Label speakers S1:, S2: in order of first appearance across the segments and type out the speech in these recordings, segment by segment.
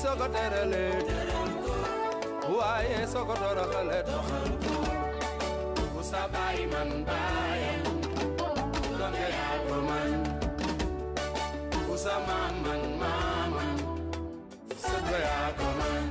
S1: soo ko teralee waaye soo ko toroxalee doxal ko ku sa baay man baayam donte yaa ko man ku sa maam man maamam sa ko man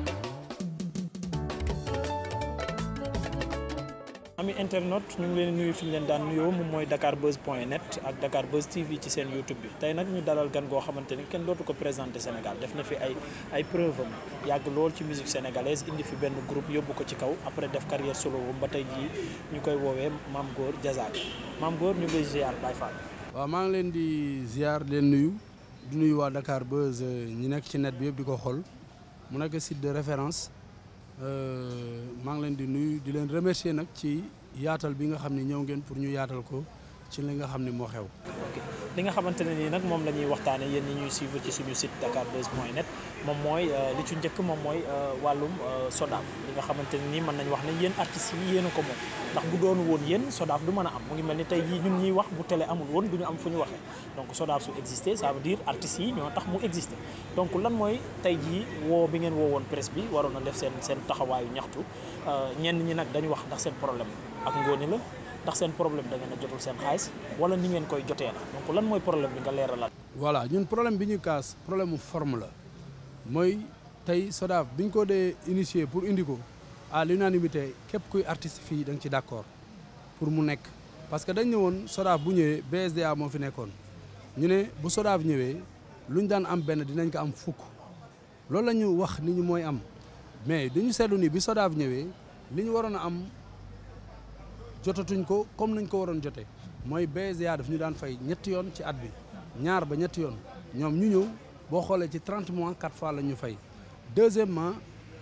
S2: ami internautes ñu ngi leen nuyu fi ñu leen daan nuyoo moom mooy Dakar Buzz point net ak Dakar Buzz TV ci seen YouTube bi tey nag ñu dalal gan goo xamante ni kenn dootu ko présenté Sénégal def na fi ay ay preuve am yàgg lool ci musique sénégalaise indi fi benn groupe yóbbu ko ci kaw après def carrière solo ba tey jii ñu koy woowee Maam Góor Diazaka
S1: Maam Góor ñu ngi lay ziar Baye maa ngi leen di ziar leen nuyu di nuyu waa Dakar Buzz euh, ñi nekk ci net bi yëpp di ko xool mu nekk site référence. Euh, maa ngi leen di nuyu di leen remercier nag ci yaatal bi nga xam ne ñëw ngeen pour ñu yaatal ko ci li nga xam ne moo xew.
S2: li nga xamante ne nii nag moom la ñuy waxtaanee yéen ñi ñuy suivre ci suñu mooy dakarbuzz.net moom mooy euh, li ci njëkk moom mooy euh, wàllum euh, SODAV li nga xamante ne nii mën nañu wax ne yéen artistes yi yéen a ko moom ndax bu doon woon yéen SODAV du mën a am mu ngi mel ni tey yi ñun ñuy wax bu télé amul woon du ñu am fu ñu waxee donc SODAV su existé ça veut dire artistes yi ñoo tax mu existé donc lan mooy tey jii woo bi ngeen woo woon presse bi waroon na def seen seen taxawaayu ñaxtu ñenn ñi nag dañu wax ndax seen problème ak ngóoni la ndax seen problème
S1: da a jotul seen xaalis wala ni ngeen koy jotee la donc lan mooy problème bi nga leeralal. voilà ñun problème bi ñu kaas problème forme la mooy tey SODAV bi ñu ko dee initier pour indi ko à l'unanimité képp kuy artiste fii da nga ci pour mu nekk. parce que dañ ne woon SODAV bu ñëwee BSDA moo fi nekkoon ñu ne bu SODAV ñëwee lu ñu daan am benn dinañ ko am fukk loolu la ñu wax ni ñu mooy am mais dañu seetlu ni bi SODAV ñëwee li waroon am. jotatuñ ko comme nañ ko waroon jotee mooy BSDA daf ñu daan fay ñetti yoon ci at bi ñaar ba ñetti yoon ñoom ñu ñëw boo xoolee ci 30 mois 4 fois la ñu fay deuxièmement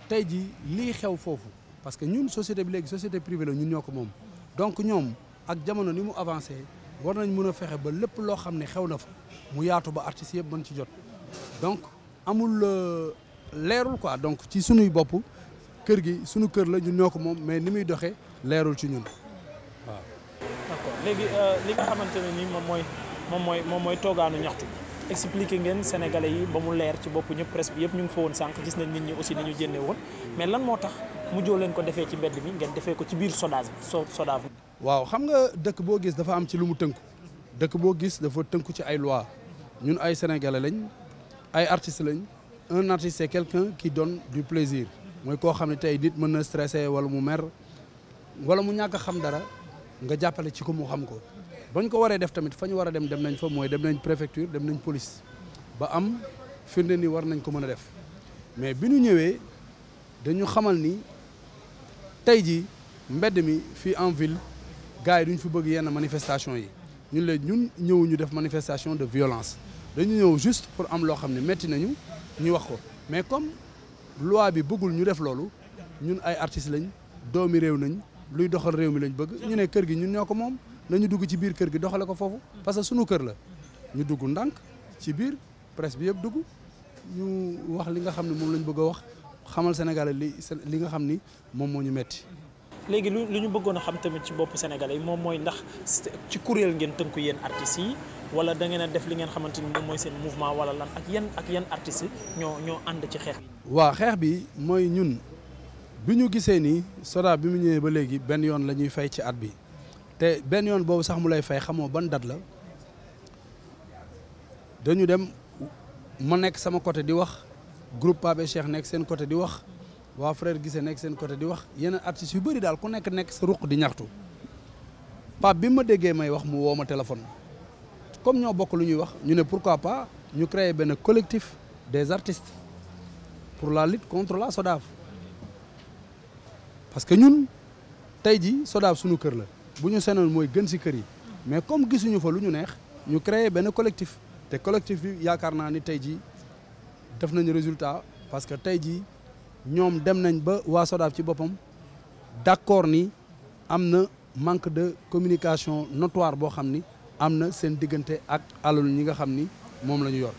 S1: tey jii lii xew foofu parce que ñun société bi léegi société privée la ñun ñoo ko moom donc ñoom ak jamono ni mu avancé war nañ mun a fexe ba lépp loo xam ne xew na fa mu yaatu ba artistes yëpp mën ci jot donc amul euh, leerul koi donc ci sunuy bopp kër gi sunu kër la ñun ñoo ko moom mais ni muy doxee leerul ci ñun
S2: léegi euh, li nga xamante nii moom mooy moom mooy moom mooy toogaanu ñaxtu expliqué ngeen sénégalais yi ba mu leer ci bopp ñëpp presse yëpp ñu ngi fa woon sànq gis nañ nit ñi aussi ni ñu woon mais lan moo tax mujjoo leen ko defee ci mbedd mi ngeen defee ko ci biir SODAV SODAV
S1: waaw xam nga dëkk boo gis dafa am ci lu mu tënku dëkk boo gis dafa tënku ci ay loi ñun ay sénégalais lañ ay artistes lañ un artiste c'est quelqu'un qui donne du plaisir mooy koo xam ne tey nit mën na stressé wala mu mer wala mu ñàkk xam dara nga jàppale ci ko mu xam ko bañ ko waree def tamit fa ñu war a dem dem nañ fa mooy dem nañ préfecture dem nañ police ba am firnde ni war nañ ko mën a def mais bi ñu ñëwee dañu xamal ni tey ji mbedd mi fii en ville gars yi duñ fi bëgg yenn manifestation yi ñun la ñun ñëwuñu def manifestation de violence dañu ñëw juste pour am loo xam ne métti nañu ñu wax ko mais comme loi bi bëggul ñu def loolu ñun ay artistes lañ doomi réew nañ luy doxal réew mi lañ bëgg ñu ne kër gi ñun ñoo ko moom nañu dugg ci biir kër gi doxale ko foofu parce que sunu kër la ñu dugg ndànk ci biir presse bi yëpp dugg ñu wax li nga xam ne moom lañ bëgg a wax xamal Sénégalais li li nga xam ni moom moo ñu metti léegi lu lu ñu bëggoon a xam tamit ci bopp sénégal yi moom mooy ndax
S2: ci kuréel ngeen tënku yéen artistes yi wala dangeen def li ngeen xamante ni moom mooy seen mouvement wala lan ak yan ak yan artistes ñoo ñoo ànd ci xeex.
S1: waa xeex bi mooy ñun bi ñu gisee ni soda bi mu ñëwee ba léegi benn yoon la ñuy fay ci at bi te benn yoon boobu sax mu lay fay xamoo ban dat la dañu dem ma nekk sama côté di wax groupe Pape Cheikh nekk seen côté di wax waa frère Guissé nekk seen côté di wax yeneen artistes yu bëri daal ku nekk nekk sa ruq di ñaxtu Pape bi ma déggee may wax mu woo ma téléphone comme ñoo bokk lu ñuy wax ñu ne pourquoi pas ñu créer benn collectif des artistes pour la lutte contre la SODAV parce que ñun tey ji SODAV suñu kër la bu ñu senoon mooy gën si kër yi mais comme gisuñu fa lu ñu neex ñu créé benn collectif te collectif bi yaakaar naa ni tey ji def nañu résultat parce que tey ji ñoom dem nañ ba waa SODAV ci boppam d'accord ni am na manque de communication notoire boo xam ni am na seen diggante ak alalu ñi nga xam ni moom la ñu yor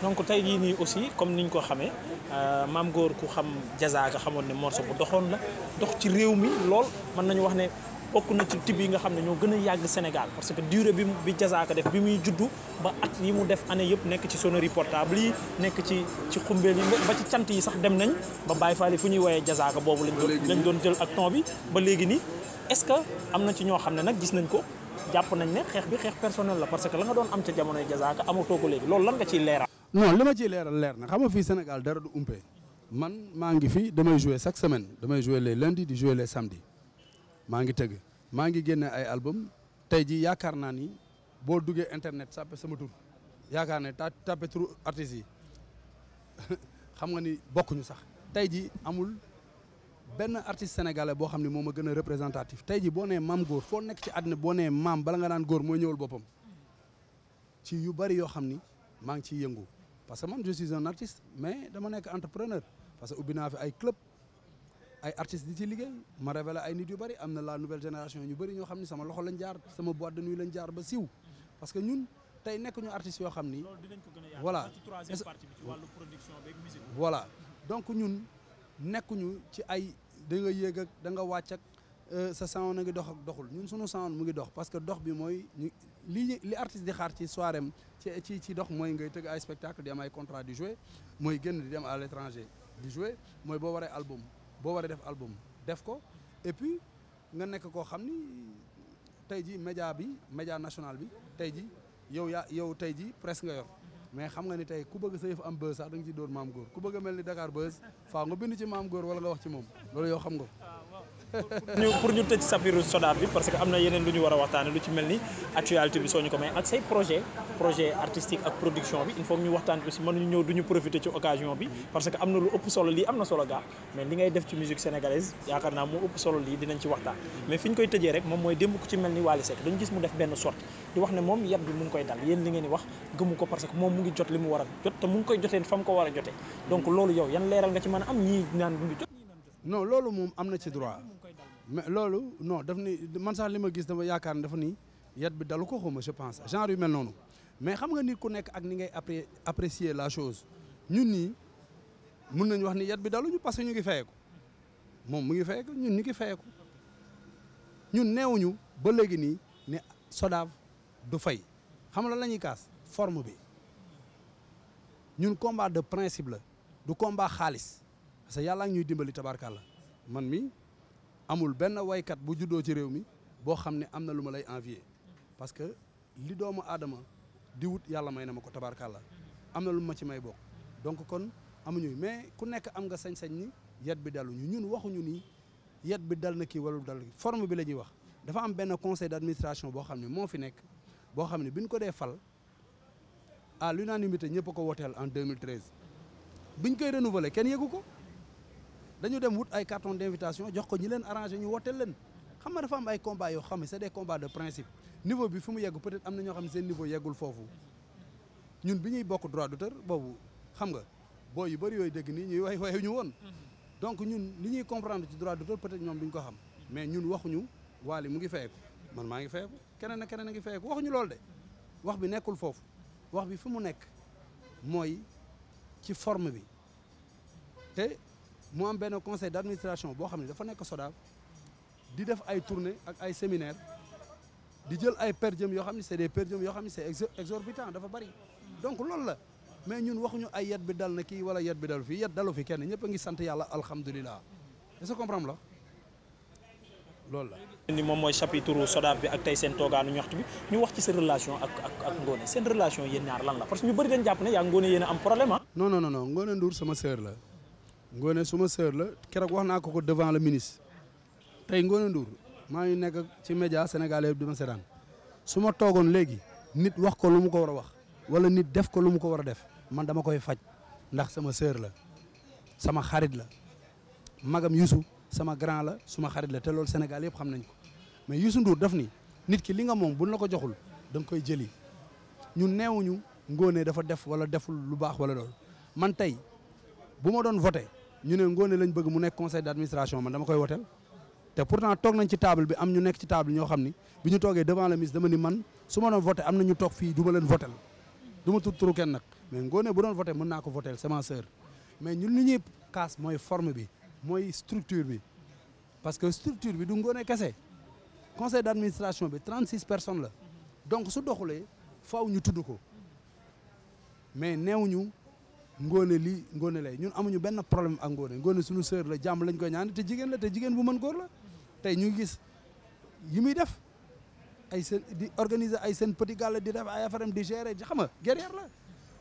S2: donc tey jii nii aussi comme niñ ko xamee euh, maam góor ku xam jazaaka xamoon ne morceau bu doxoon la dox ci réew mi lool mën nañu wax ne bokk na ci tib yi nga xam ne ñoo gën a yàgg Sénégal parce que durée bi bi jazaaka def bi muy juddu ba at yi mu def année yëpp nekk ci sonnerie portable yi nekk ci ci xumbeel yi ba ci cant yi sax dem nañ ba Baye Fall yi fu ñuy woowee jazaaka boobu lañ doon lañ doon jël ak ton bi ba léegi nii est-ce que am na ci ñoo xam ne nag gis nañ ko jàpp nañ ne xeex bi xeex personnel la parce que la nga doon am ca jamonoy jazaaka amatoo ko léegi loolu lan nga ciy
S1: leeral non li ma ciy leeral leer na xam nga fii Sénégal dara du umpee man maa ngi fi damay jouer chaque semaine damay jouer les lundis di jouer les samedis maa ngi tëgg maa ngi génne ay album tey jii yaakaar naa ni boo duggee internet sàppe sama tur yaakaar ne ta tàppe turu artistes yi xam nga ni bokkuñu sax tey jii amul benn artiste sénégalais boo xam ne moom a gën a représentatif tey jii boo nee maam góor foo nekk ci àddina boo nee maam bala nga naan góor mooy ñëwal boppam ci yu bari yoo xam ni maa ngi ciy yëngu parce que man je suis un mais dama nekk entrepreneur parce que ubbi naa fi ay club ay artistes di ci liggéey ma révélé ay nit yu bari am na la nouvelle génération ñu bëri ñoo xam ni sama loxo lañ jaar sama boîte de lañ jaar ba siiw parce que ñun tey nekkuñu ñu yoo xam ni.
S2: voilà ci troisième partie bi ci wàllu production voilà
S1: donc ñun nekkuñu ci ay da nga yéeg ak da nga wàcc ak euh, sa sound na ngi dox ak doxul ñun sunu sound mu ngi dox parce que dox bi mooy li li artiste di xaar ci soirée ci ci ci dox mooy ngay tëgg ay spectacle di am ay contrat di jouer mooy génn dem à l'étranger di mooy boo waree album boo waree def album def ko et puis nga nekk koo xam ni tey jii média bi média national bi tey jii yow yaa yow tey jii presse nga yor mais xam nga ni tey ku bëgg sa yëf am buzz sax da ci ciy dóor maam góor ku bëgg a mel ni Dakar buzz faaw nga bind ci maam goor wala nga wax ci moom loolu yow xam nga ñu
S2: pour ñu tëj sapiru sodaar bi parce que am na yeneen lu ñu war a waxtaane lu ci mel ni actualité bi soo ñu ko may ak say projet projet artistique ak production bi il faut ñu waxtaan aussi mënuñu ñëw du ñu profiter ci occasion bi parce que am na lu ëpp solo lii am na solo gaa mais fi ñu koy tëjee rek moom mooy démb ku ci mel ni Wally Seck gis mu def benn sortie di wax ne moom yat bi mu ngi koy dal yéen li ngeen wax gëmu ko parce que moom mu ngi jot
S1: a jot te mu a jotee donc loolu yow yan leeral nga ci mën a am ñii naan mais loolu non daf ni man sax li ma gis dama yaakaar ni dafa nii yat bi dalu ko xuma je pense genre yu mel noonu mais xam nga nit ku nekk ak ni ngay appré apprécier la chose ñun nii mun nañu wax ni yat bi daluñu parce que ñu ngi fayeeku moom mu ngi fayeeku ñun ñu ngi fayeeku ñun neewuñu ba léegi nii ne SODAV du fay xam la la ñuy kaas forme bi ñun combat de principe la du combat xaalis parce que yàlla ñuy dimbali tabarkàlla man mi amul benn waykat bu juddoo ci réew mi boo xam ne am na lu ma lay envier parce que li doomu aadama di wut yàlla may na ma ko tabarkàlla am na lu ma ci may bokk donc kon amuñu mais ku nekk am nga sañ-sañ ni yet bi daluñu ñun waxuñu ni yet bi dal na kii wala dal na kii forme bi la ñuy wax dafa am benn conseil d'administration boo xam ne moo fi nekk boo xam ne bi ñu ko dee fal lu à l'unanimité ñëpp ko woteel en 2013 biñ koy renouveler kenn yëgu ko. dañu dem wut ay carton d'invitation jox ko ñi leen arrangé ñu wooteel leen xam nga dafa am ay combat yoo xam ne c'est des combats de principe niveau bi fu mu yegg peut am na ñoo xam ne seen niveau yeggul foofu ñun bi ñuy bokk droit d'auteur boobu xam nga boo yu bëri yooyu dégg nii ñuy way wayu ñu woon donc ñun li ñuy comprendre ci droit d'auteur peut-être ñoom duñ ko xam mais ñun waxuñu Wally mu ngi fayeku man maa ngi fayeku keneen ak keneen a ngi fayeku waxuñu loolu de wax bi foofu wax bi fu mu nekk mooy ci forme bi mu am benn conseil d' boo xam ne dafa nekk SODAV di def ay tournée ak ay séminaire di jël ay per diem yoo xam ne c' est per diem yoo xam ne c' est exorbitant dafa bari donc loolu la mais ñun waxuñu ay yet bi dal na kii wala yet bi dal fii yet dalu fi kenn ñëpp a ngi sant yàlla alhamdulilah est-ce que comprendre la loolu la.
S2: ni moom mooy chapitre SODAV bi ak tey seen toogaanu ñaxtu bi ñu wax ci seen relation ak ak ak seen relation yéen ñaar lan la parce a
S1: am problème ah. non non non Ngone Ndour sama la. Ngoné suma sœur la keroog wax naa ko ko devant le ministre tey Ngoné Ndour maa ngi nekk ci média sénégalais yëpp di ma seetaan su ma toogoon léegi nit wax ko lu mu ko war a wax wala nit def ko lu mu ko war a def man dama koy faj ndax sama sœur la sama xarit la magam Youssou sama grand la suma xarit te loolu Sénégal yëpp xam nañ ko mais Youssou Ndour daf ni nit ki li nga moom buñ la ko joxul da nga koy jëli ñun neewuñu Ngoné dafa def wala deful lu baax wala loolu man tey bu ma doon voté ñu ne Ngoné lañ bëgg mu nekk conseil d' administration man dama koy woteel te pourtant toog nañ ci table bi am ñu nekk ci table ñoo xam ni bi ñu toogee devant le ministre dama ni man su ma doon voté am na ñu toog fii du ma leen votel du ma tudd nag mais Ngoné bu doon voté mën naa ko votel c'est ma sœur mais ñun li ñuy kaas mooy forme bi mooy structure bi parce que structure bi du Ngoné kese conseil d' administration bi 36 personnes la donc su doxulee faaw ñu tudd ko mais neewuñu ngoone lii ngóone lay ñun amuñu benn problème ak ngoone ngóone suñu sœur la jàmm lañ ko ñaan te jigéen la te jigéen bu mën góor la tey ñu ngi gis yi muy def ay seen di organiser ay seen petit gàll di def ay affaire di gérer xam nga guerrière la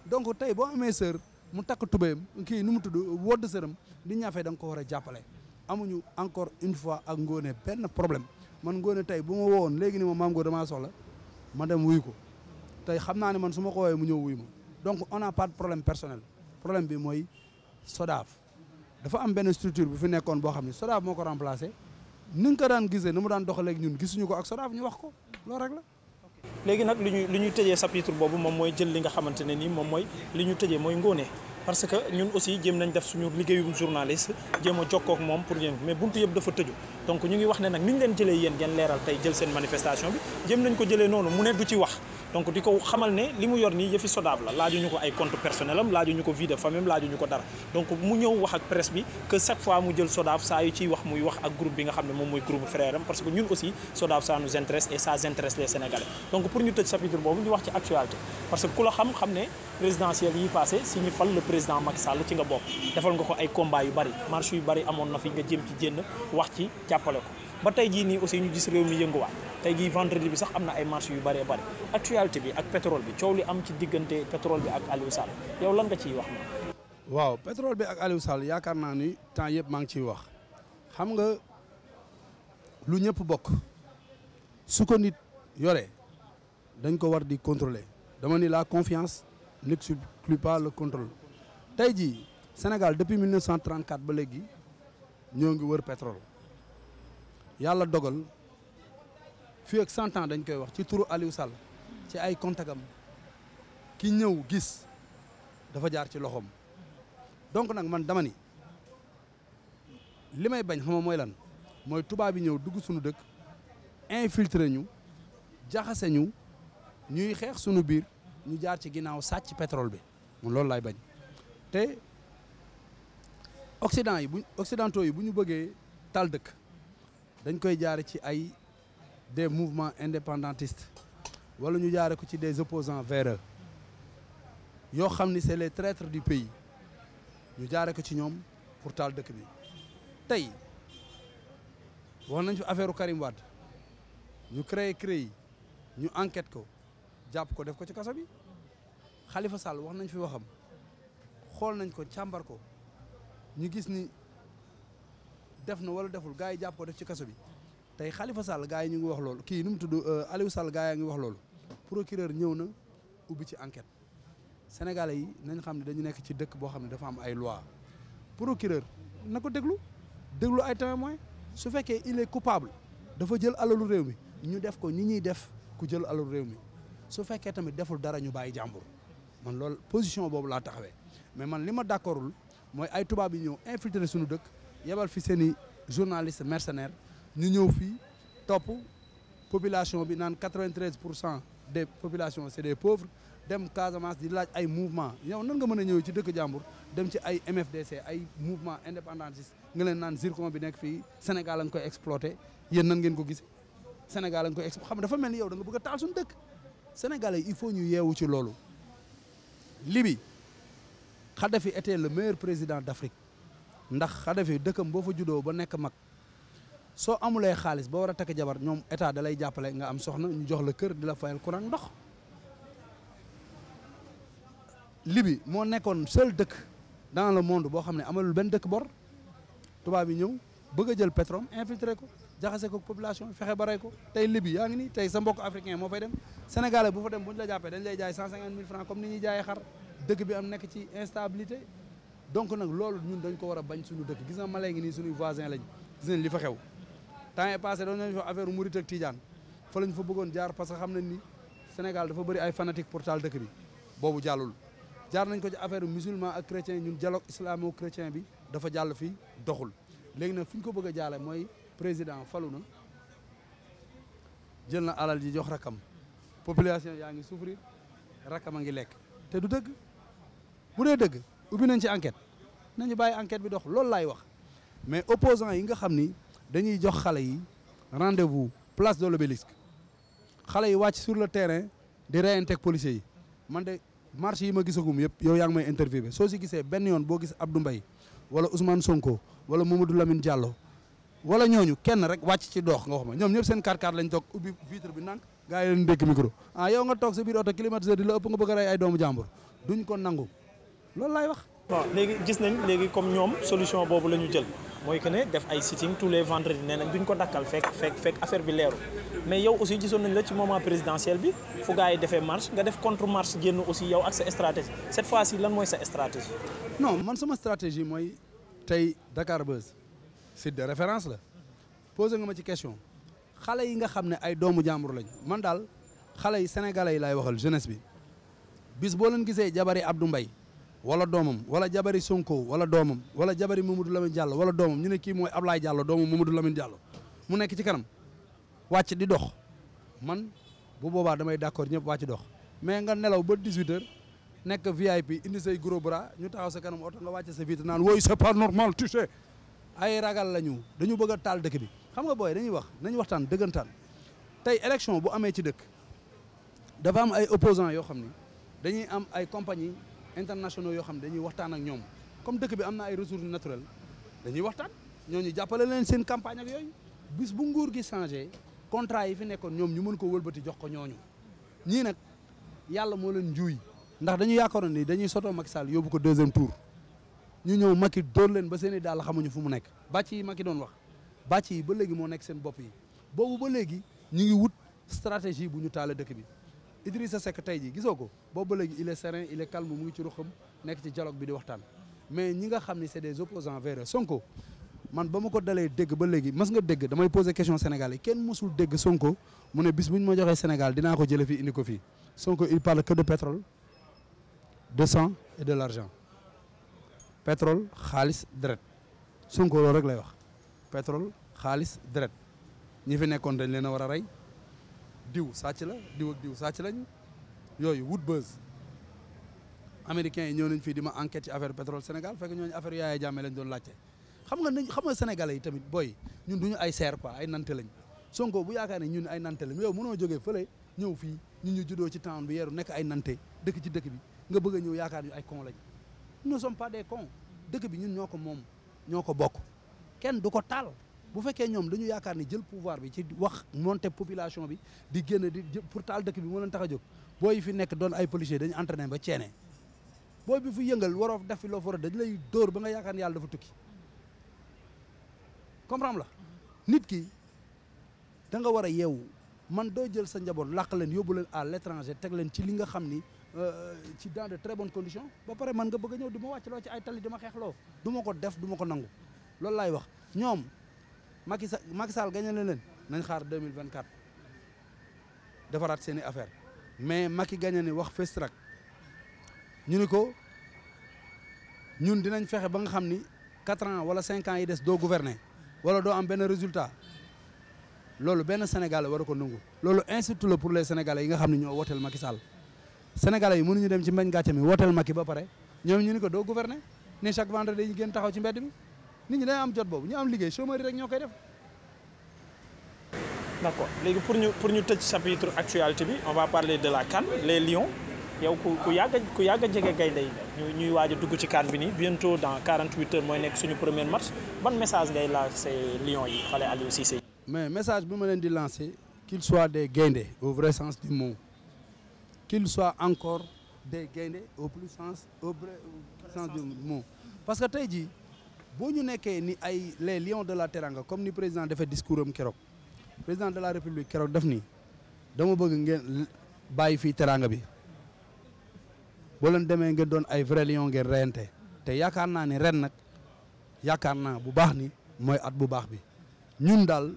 S1: donc tey boo amee sœur mu takk tubéyam kii nu mu tudd wodd sëram di ñaafee da nga ko war a jàppale amuñu encore une fois ak ngóone benn problème man ngóone tey bu ma woowoon léegi ni ma maam ngoo damaa soxla ko tey xam naa ne man su ma ko mu ñëw wuyu ma donc problème personnel problème bi mooy SODAV dafa am benn structure bu fi nekkoon boo xam ne SODAV moo ko remplacé ni ko daan gisee ni mu daan doxaleeg ñun gisuñu ko ak SODAV ñu wax ko loolu rek
S2: la. ñu li ñu tëjee chapitre boobu moom mooy jël li nga xamante ne moom mooy li ñu tëjee mooy ngóone parce que ñun aussi jéem nañ def suñu liggéeyum journaliste jéem a jokkoo ak moom pour yéen mais buntu yëpp dafa tëju donc ñu ngi wax ne nag ni ñu leen jëlee yéen ngeen leeral tey jël seen manifestation bi jëm nañ ko jëlee noonu mu ne du ci wax donc di ko xamal ne li mu yor nii yëfi SODAV la laajuñu ko ay compte personnel am laajuñu ko vie de famille am ko dara donc mu ñëw wax ak presse bi que chaque fois mu jël SODAV saa yu ciy wax muy wax ak groupe bi nga xam ne moom mooy groupe frère am parce que ñun aussi SODAV ça nous intéresse et ça intéresse les Sénégalais donc pour ñu tëj chapitre boobu ñu wax ci actualité parce que ku la xam xam ne présidentielle yi passé si ñu fal le président nga bokk defal ko ay combat yu bari marche yu bari amoon na fi nga jëm ci jénn wax ci jàppale tey jii nii aussi ñu gis réew mi yënguwaat tey jii vendredi bi sax am na ay marché yu baree bëri actualité bi ak pétrole bi coow li am ci diggante pétrole bi ak Aliou Sall
S1: yow lan nga ciy wax waaw pétrole bi ak Aliou Sall yaakaar naa ni temps yëpp maa ngi ciy wax xam nga lu ñëpp bokk su ko nit yore dañ ko war di contrôler dama ni la confiance n'exclut pas le contrôle tey jii Sénégal depuis 1934 ba léegi ñoo ngi wër pétrole yàlla dogal fii ak cent ans dañ koy wax ci turu Aliou Sall ci ay contagam ki ñëw gis dafa jaar ci loxoom donc nag man damani ni li may bañ xama mooy lan mooy tubaab yi ñëw dugg suñu dëkk infiltré ñu jaxase ñu ñuy xeex suñu biir ñu jaar ci ginnaaw sàcc petrole bi man loolu lay bañ te occident yi bu occidentaux bu ñu bëggee taal dëkk dañ koy jaar ci ay des mouvements indépendantistes wala ñu jaare ko ci des opposants véreux yoo xam ni c'est les traîtres du pays ñu jaare ko ci ñoom pour taal dëkk bi tey wax nañ fi affaire Karim ñu créer CREI ñu enquête ko jàpp ko def ko ci kaso bi xalifa Sall wax nañ fi waxam xool nañ ko càmbar ko ñu gis ni def na wala deful gars yi jàpp ko def ci kaso bi tey Khalifa Sall yi ñu ngi wax loolu kii nu mu tudd euh, Aliou Sall ngi wax loolu procureur ñëw na ubbi ci enquête sénégalais yi nañ xam ne dañu nekk ci dëkk boo xam ne dafa am ay loi procureur na ko déglu déglu ay témoins su fekkee il est coupable dafa jël alalu réew mi ñu def ko ni ñuy def ku jël alalu réew mi su fekkee tamit deful dara ñu bàyyi jàmbur man loolu position boobu laa taxawee mais man li ma d'accordul mooy ay tubaab yi ñëw infiltrer suñu dëkk yebal fi seen i journaliste mercenaire ñu ñëw fii topp population bi naan 93 pour cent des populations c'est des pauvres dem Casamance di laaj ay mouvement yow nan nga mën a ñëwee ci dëkk jàmbur dem ci ay MFDC ay mouvement indépendantiste nga leen naan zircon bi nekk fii Sénégal lañ koy exploité yéen nan ngeen ko gis Sénégal lañ ko exploité xam dafa mel ni yow da nga bëgg a taal suñu dëkk Sénégalais il faut ñu yeewu ci loolu Libi Kadhafi était le meilleur président d'Afrique ndax Kadhafi dëkkam boo fa juddoo ba nekk mag soo amulee xaalis boo war a takk jabar ñoom état da lay jàppale nga am soxna ñu jox la kër di la fayal courant ndox Libi moo nekkoon seul dëkk dans le monde boo xam ne amalul benn dëkk bor tubaab yi ñëw bëgg a jël pétrole infiltré ko jaxase ko population fexe ba rey ko tey Libi yaa ngi nii tey sa mbokk africain moo fay dem sénégalais bu fa dem bu la jàppee dañ lay jaay cent cinquante mille francs comme ni ñuy jaayee xar dëkk bi am nekk ci instabilité donc nag loolu ñun dañ ko war a bañ suñu dëkk gis nga malay ngi nii suñuy voisin lañ gis nañ temps est passé doon nañu fa affaire Mouride ak Tidiane fa lañ jaar parce que xam nañ ni Sénégal dafa bëri ay fanatique pour taal dëkk bi boobu jàllul jaar nañ ko ci affaire musulman ak chrétien ñun dialogue islamo chrétien bi dafa jàll fii doxul léegi nag fi ñu ko bëgg a jaale mooy président falu na jël na alal ji jox rakam population yaa ngi souffrir rakam a ngi lekk te du dëgg bu dee dëgg ubbi nañ ci enquête nañu bàyyi enquête bi dox loolu laay wax mais opposant yi nga xam ni dañuy jox xale yi rendez-vous place de l'obélisque xale yi wàcc sur le terrain di reyanteeg policiers yi man de marche yi ma gisagum yëpp yow yaa ngi may interviewé soo si gisee benn yoon boo gis ab Abdou Mbaye wala Ousmane Sonko wala Mamadou Lamine Diallo wala ñooñu kenn rek wàcc ci doox nga wax ma ñoom ñëpp seen karkaar lañ toog ubbi vitre bi nank gaa yi leen dékk micro ah yow nga toog sa biir oto climatiseur di la ëpp nga bëgg a rey ay doomu jàmbur duñ ko nangu loolu laay léegi gis nañ léegi comme ñoom solution boobu la ñu jël. mooy que ne def
S2: ay sitting tous les vendredis nee nañ duñ ko dakkal fekk fekk fekk affaire bi leeru mais yow aussi gisoon nañ la ci moment présidentiel bi fu gars yi defee marche nga def contre marche génn aussi yow ak sa stratégie cette fois ci lan
S1: mooy sa stratégie. non man sama stratégie mooy tey Dakar Buzz site de référence la posé nga ma ci question xale yi nga xam ne ay doomu jàmbur lañ man daal xale yi sénégalais yi laay waxal jeunesse bi bis boo leen gisee jabari Abdou Mbaye wala doomam wala jabari Sonko wala doomam wala jabari Mamadou Lamine Diallo wala doomam ñu ne kii mooy Ablaye Diallo doomu Mamadou Lamine Diallo mu nekk ci kanam wàcc di dox man bu boobaa damay d'accord ñëpp wàcc dox mais nga nelaw ba 18h nekk VIP indi say gros bras ñu taxaw sa kanam oto nga wàcc sa vitre naan wooyu c'est pas normal tu sais ragal la ñu dañu bëgg taal dëkk bi xam nga booy dañuy wax nañu waxtaan dëggantaan tey élection bu amee ci dëkk dafa am ay opposants yoo xam ni dañuy am ay compagnie internationaux yoo xam ne dañuy waxtaan ak ñoom comme dëkk bi am na ay ressources naturelles dañuy waxtaan ñooñu jàppale leen seen campagne yooyu bis bu nguur gi changé contrat yi fi nekkoon ñoom ñu mën ko wëlbati jox ko ñooñu ñii nag yàlla moo leen njuuy ndax dañu yaakaaroon ni dañuy soto Macky Sall yóbbu ko deuxième tour ñu ñëw Macky dóor leen ba seen i daal xamuñu fu mu nekk bàcc yi Macky doon wax bàcc yi ba léegi moo nekk seen bopp yi boobu ba léegi ñi ngi wut stratégie bu ñu taale dëkk bi Idrissa Seck tey jii gisoo ko boobu léegi il est serein il est calme mu ngi ci ruxam nekk ci dialogue bi di waxtaan mais ñi nga xam ni c'est des opposants vers Sonko man ba ma ko dalee dégg ba léegi mas nga dégg damay poser question Sénégal kenn mosul dégg Sonko mu ne bis bu ñu ma joxee Sénégal dina ko jëlee fii indi ko fii Sonko il parle que de pétrole de sang et de l'argent pétrole xaalis deret Sonko loolu rek lay wax pétrole xaalis deret ñi fi nekkoon dañ leen a war a rey diw sàcc la diw diw sàcc lañu yooyu wut buzz américains yi ñëw nañ fii di ma enquête ci affaire pétrole Sénégal fekk ñooñu affaire Yaya Jammeh lañ doon laajte xam nga nañ xam nga sénégalais yi tamit booy ñun duñu ay seer quoi ay nante lañ Sonko bu yaakaar ne ñun ay nante lañ yow mënoo jógee fële ñëw fii ñun ñu juddoo ci town bi yeeru nekk ay nante dëkk ci dëkk bi nga bëgg a yaakaar ñu ay con lañ nous ne sommes pas des cons dëkk bi ñun ñoo ko moom ñoo ko bokk kenn du ko taal bu fekkee ñoom dañu yaakaar ni jël pouvoir bi ci wax monter population bi di génn di pour taal dëkk bi moo leen tax a jóg booy yi fi nekk doon ay policier dañu entraîné ba ceene booy bi fi yëngal waroo def fi loo fa dañ lay dóor ba nga yaakaar ni yàlla dafa tukki comprendre la nit ki da nga war a yeewu man doo jël sa njaboot làq leen yóbbu leen à l'étranger teg leen ci li nga xam ni euh, ci dans de très bonnes conditions ba pare man nga bëgg a ñëw di ma wàcc ci ay tali xeexloo du ko def du ko nangu loolu laay wax ñoom Macky Sall Macky Sall gagné na leen nañ xaar 2024 defaraat seen i affaire mais Macky gagné ni wax fast track ñu ni ko ñun dinañ fexe ba nga xam ni quatre ans wala cinq ans yi des doo gouverner wala doo am benn résultat loolu benn Sénégalais war a ko nangu loolu insulte la pour les Sénégalais yi nga xam ne ñoo woteel Macky Sall Sénégalais yi mënuñu dem ci mbañ gàcce mi woteel Macky ba pare ñoom ñu ni ko doo gouverner ne chaque vendredi ñu génn taxaw ci mbedd mi nit ñi dañoo am jot boobu ñu am liggéey chômeur yi rek ñoo koy def. d' léegi pour ñu pour ñu tëj chapitre
S2: actualité bi on va parler de la CAN les Lions yow ku ku yàgg yàgg jege gaynde yi ñuy ñuy waaj dugg ci CAN bi nii bientôt dans 48 heures mooy nekk suñu premier match ban message ngay lancé
S1: lion yi xale Aliou Cissé. mais message bi ma leen di lancer qu'il soit des gaynde au vrai sens du mot qu'il soit encore des gaynde au plus sens au vrai sens du mot parce que tey jii. boo ñu nekkee ni ay les lions de la teranga comme ni président defee discours am keroog président de la république keroog def nii dama bëgg ngeen bàyyi fii teranga bi boo leen demee ngeen doon ay vrai lion ngeen reyante te yaakaar naa ni ren nag yaakaar naa bu baax ni mooy at bu baax bi ñun daal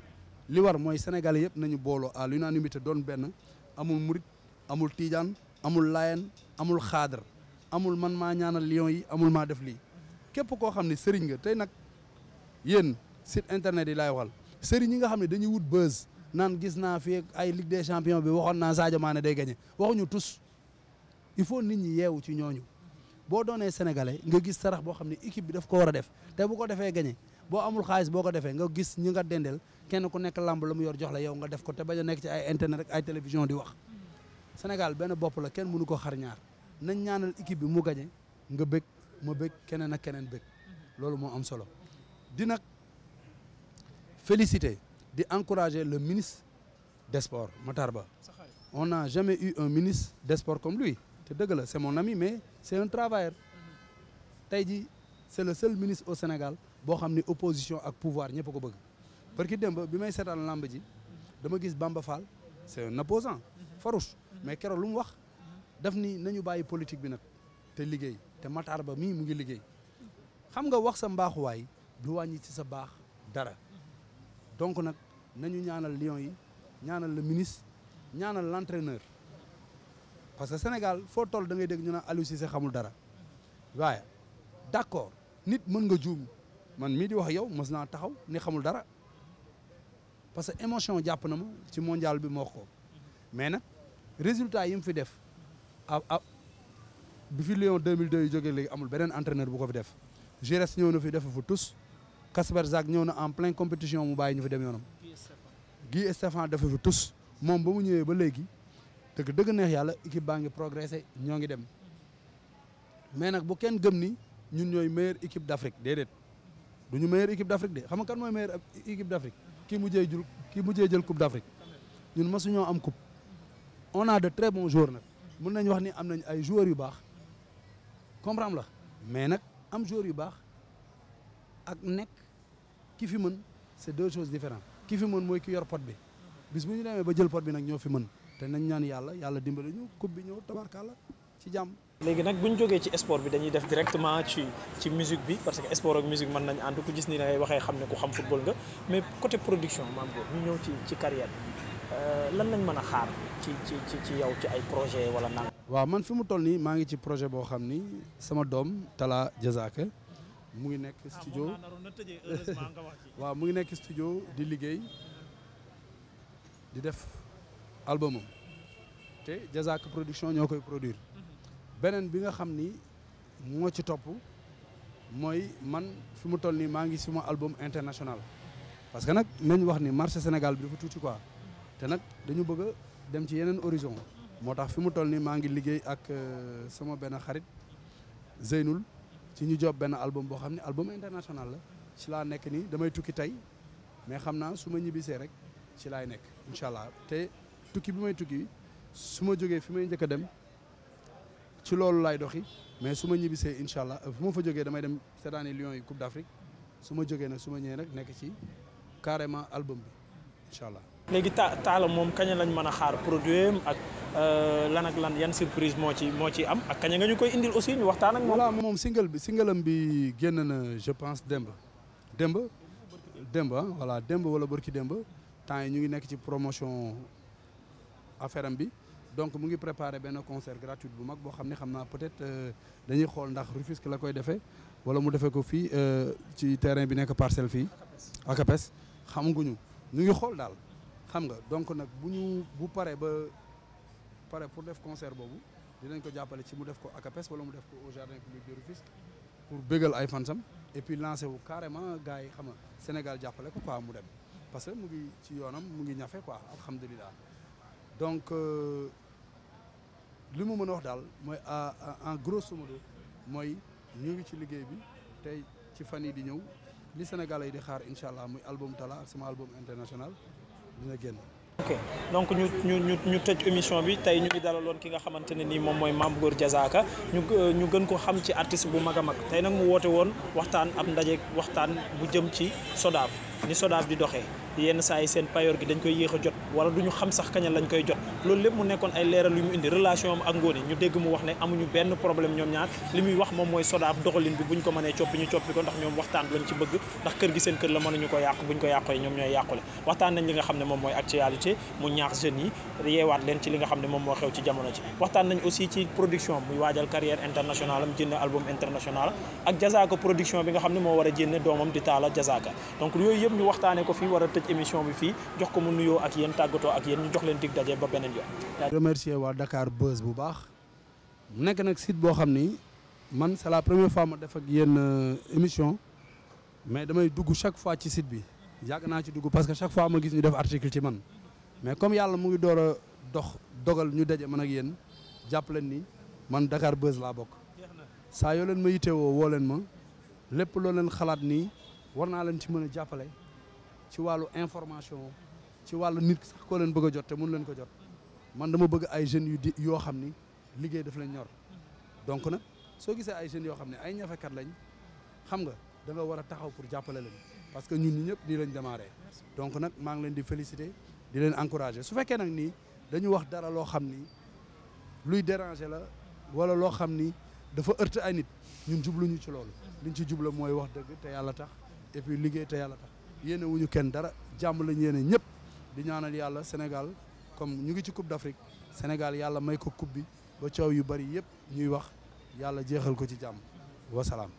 S1: li war mooy sénégalais yëpp nañu booloo à l'unanimité doon benn amul murit amul tiijaan amul layen amul xaadar amul man maa ñaanal lion yi amul maa def lii képp koo xam ne sëriñ nga tey nag yéen site internet yi laay waxal sëriñ yi nga xam ne dañuy wut buzz naan gis naa fi ay Ligue des champions bi waxoon naa Sadio Mané day gagné ñu tous il faut nit ñi yeewu ci ñooñu boo doonee sénégalais nga gis sarax boo xam ne équipe bi daf ko war a def te bu ko defee gañe boo amul xaalis boo ko defee nga gis ñu nga dendeel kenn ku nekk lamb la mu yor jox la yow nga def ko te bañ a nekk ci ay internet ak ay télévision di wax Sénégal benn bopp la kenn mënu ko xar nañ ñaanal équipe bi mu gagné nga bëgg ma bëgg keneen ak keneen bëgg loolu moo am solo di nag féliciter di encourager le ministre des sports Matar Ba on n'a jamais eu un ministre des comme luy te dëgg la c'est mon ami mais c'est un travailleur tey jii c'est le seul ministre au Sénégal boo xam ni opposition ak pouvoir ñëpp ko bëgg parce que démb bi may seetaan lamb ji dama gis Bamba Fall c'est un opposant farouche mais keroog lu mu wax def nii nañu bàyyi politique bi nag te liggéey te Matar ba mii mu ngi liggéey xam nga wax sa mbaaxuwaay du wàññi ci sa baax dara donc nag nañu ñaanal Lions yi ñaanal la ministre ñaanal l'entraîneur parce que Sénégal foo toll da ngay dégg ñu naan Aliou Cissé xamul dara waaye d'accord nit mën nga juum man mii di wax yow mës naa taxaw ni xamul dara parce que émotion jàpp na ma ci mondial bi ma wax ko mais nag résultat yi mu fi def bi fi Lyon 2002 yi jógee léegi amul beneen entraîneur bu ko fi def Giresse ñëw na fi defu fu tous Kasper Zak ñëw na en plein compétition mu bàyyi ñu fi dem yoonam Guy Stéphane defu fi tous moom ba mu ñëwee ba léegi dëgg dëgg neex yàlla équipe baa ngi progressé ñoo ngi dem mais nag bu kenn gëm ni ñun ñooy meilleure équipe d' Afrique déedéet du ñu meilleure équipe d' Afrique de xam nga kan mooy meilleure équipe d' Afrique kii mujjee jël kii mujjee jël coupe d' Afrique ñun mësuñoo am coupe on a de très bons joueurs nag mun nañ wax ni am nañ ay joueurs yu baax. comprendre la mais nag am joueur yu baax ak nekk ki fi mën c'est deux choses différentes ki fi mën mooy ki yor pot bi bis bu ñu demee ba jël pot bi nag ñoo fi mën te nañ ñaan yàlla yàlla dimbali ñu coupe bi ñëw tabarkàlla ci jàmm. léegi nag bu ñu jógee ci sport bi
S2: dañuy def directement ci ci musique bi parce que sport ak musique mën nañu ànd ku gis ni da waxee xam ne ku xam football nga mais côté production maam boobu ñu ñëw ci ci carrière Euh, lan lañ mën a xaar ci
S1: ci ci ci yow ci ay projet wala nang waaw man fi mu toll nii maa ngi ci projet boo xam ni sama doom Talla Diazaka mu ngi nekk studio ah, waaw mu ngi nekk studio di liggéey di def albumam te Diazaka production ñoo koy produire mhm. beneen bi nga xam ni moo ci topp mooy man fi mu toll nii maa ngi suma album international parce que nag nañ wax ni marché Sénégal bi dafa tuuti quoi te nag dañu bëgg a dem ci yeneen horizon moo tax fi mu toll nii maa ngi liggéey ak euh, sama benn xarit Zeynul ci ñu job benn album boo xam ne album international la ci laa nekk nii damay tukki tey mais xam naa su ma ñibbisee rek ci laay nekk incha allah te tukki bi may tukki su ma jógee fi may njëkk a dem ci loolu laay doxi mais su ma ñibbisee incha allah euh, fu ma fa jógee damay dem cette année yi Coupe d'Afrique su ma jógee nag su ma ñëwee rek nekk ci carrément album bi incha
S2: léegi ta taala moom kaña lañ mën a xaar produit ak euh, lan ak lan yan surprise moo ci moo ci am ak kañ nga ñu koy indi aussi
S1: ñu waxtaan ak moom. voilà moom single bi singalam bi génn na je pense démb démb démb ah, voilà démb wala bërki démb temps yi ñu ngi nekk ci promotion affaire am bi donc mu ngi préparer benn concert gratuit bu mag boo xam ne xam naa peut-être euh, dañuy xool ndax Rufisque la koy defee wala mu defee ko fii euh, ci terrain bi nekk parcelle fii. Akapes xam nguñu ñu ngi xool daal. xam nga donc nag bu ñu bu paree ba pare pour def concert boobu dinañ ko jàppale ci mu def ko ACAPES wala mu def ko au jardin public de Rufisque pour bégal ay fansam et puis lancé wu carrément gars yi xam nga Sénégal jàppale ko quoi mu dem parce que mu ngi ci yoonam mu ngi ñafe quoi alhamdulilah donc euh, li mu mën a wax daal mooy en grosso modo mooy ñu ngi ci liggéey bi tey ci fan yi di ñëw li Sénégalais yi di xaar incha allah muy album Talla ak sama album international dina génn.
S2: donc ñu ñu ñu ñu tëj émission bi tey ñu ngi dalaloon ki nga xamante ne nii moom mooy Mame Goor Diazaka ñu euh, ñu gën ko xam ci artiste bu mag a mag tey nag mu woote woon waxtaan ab ndaje waxtaan bu jëm ci SODAV ni SODAV di doxee yenn saa yi seen payoor gi dañ koy yéex a jot. wala du ñu xam sax kañal lañ koy jot loolu lépp mu nekkoon ay leeral yu mu indi relation ak Ngoné ñu dégg mu wax ne amuñu benn problème ñoom ñaar li muy wax moom mooy sodaaf doxalin bi buñ ko mënee coppi ñu coppi ko ndax ñoom waxtaan lañ ci bëgg ndax kër gi seen kër la mënuñu ko yàq buñ ko yàqoy ñoom ñooy li nga xam ne moom mooy actualité mu ñaax jeunes yi yeewaat leen ci li nga xam ne moom moo xew ci jamono ci waxtaan nañ aussi ci production muy nga a jënd doomam di a tëj émission bi fii jox ko mu nuyoo ak yéen tàggatoo ak yéen jox leen dig daje ba beneen yoon.
S1: remercier waa Dakar Buzz bu baax nekk nag site boo xam ni man c'est la première fois ma def ak yéen euh, émission mais damay dugg chaque fois ci site bi yàgg naa ci dugg parce que chaque fois ma gis ñu def article ci man mais comme yàlla mu ngi door a dox dogal ñu daje man ak yéen jàpp leen ni man dakaar Buzz laa bokk saa yoo leen ma yitewoo woo leen ma lépp loo leen xalaat nii war naa leen ci mën a jàppale ci wàllu information. ci wàllu nit sax koo leen bëgg a jot te mun leen ko jot man dama bëgg ay jeunes yu yoo xam ni liggéey daf leen ñor donc nag soo gisee ay jeunes yoo xam ne ay ñafekat lañ xam nga da war a taxaw pour jàppale leen parce que ñun ñi ñëpp nii lañ démarré donc nag maa ngi leen di féliciter di leen encourager su fekkee nag nii dañu wax dara loo xam ni luy déranger la wala loo xam ni dafa ërte ay nit ñun jubluñu ci loolu liñ ci jubla mooy wax dëgg te yàlla tax et puis liggéey te yàlla tax kenn dara jàmm lañ yéene ñëpp di ñaanal yàlla Sénégal comme ñu ngi ci coupe d'Afrique Sénégal yàlla may ko coupe bi ba coow yu bari yëpp ñuy wax yàlla jeexal ko ci jàmm wasalaam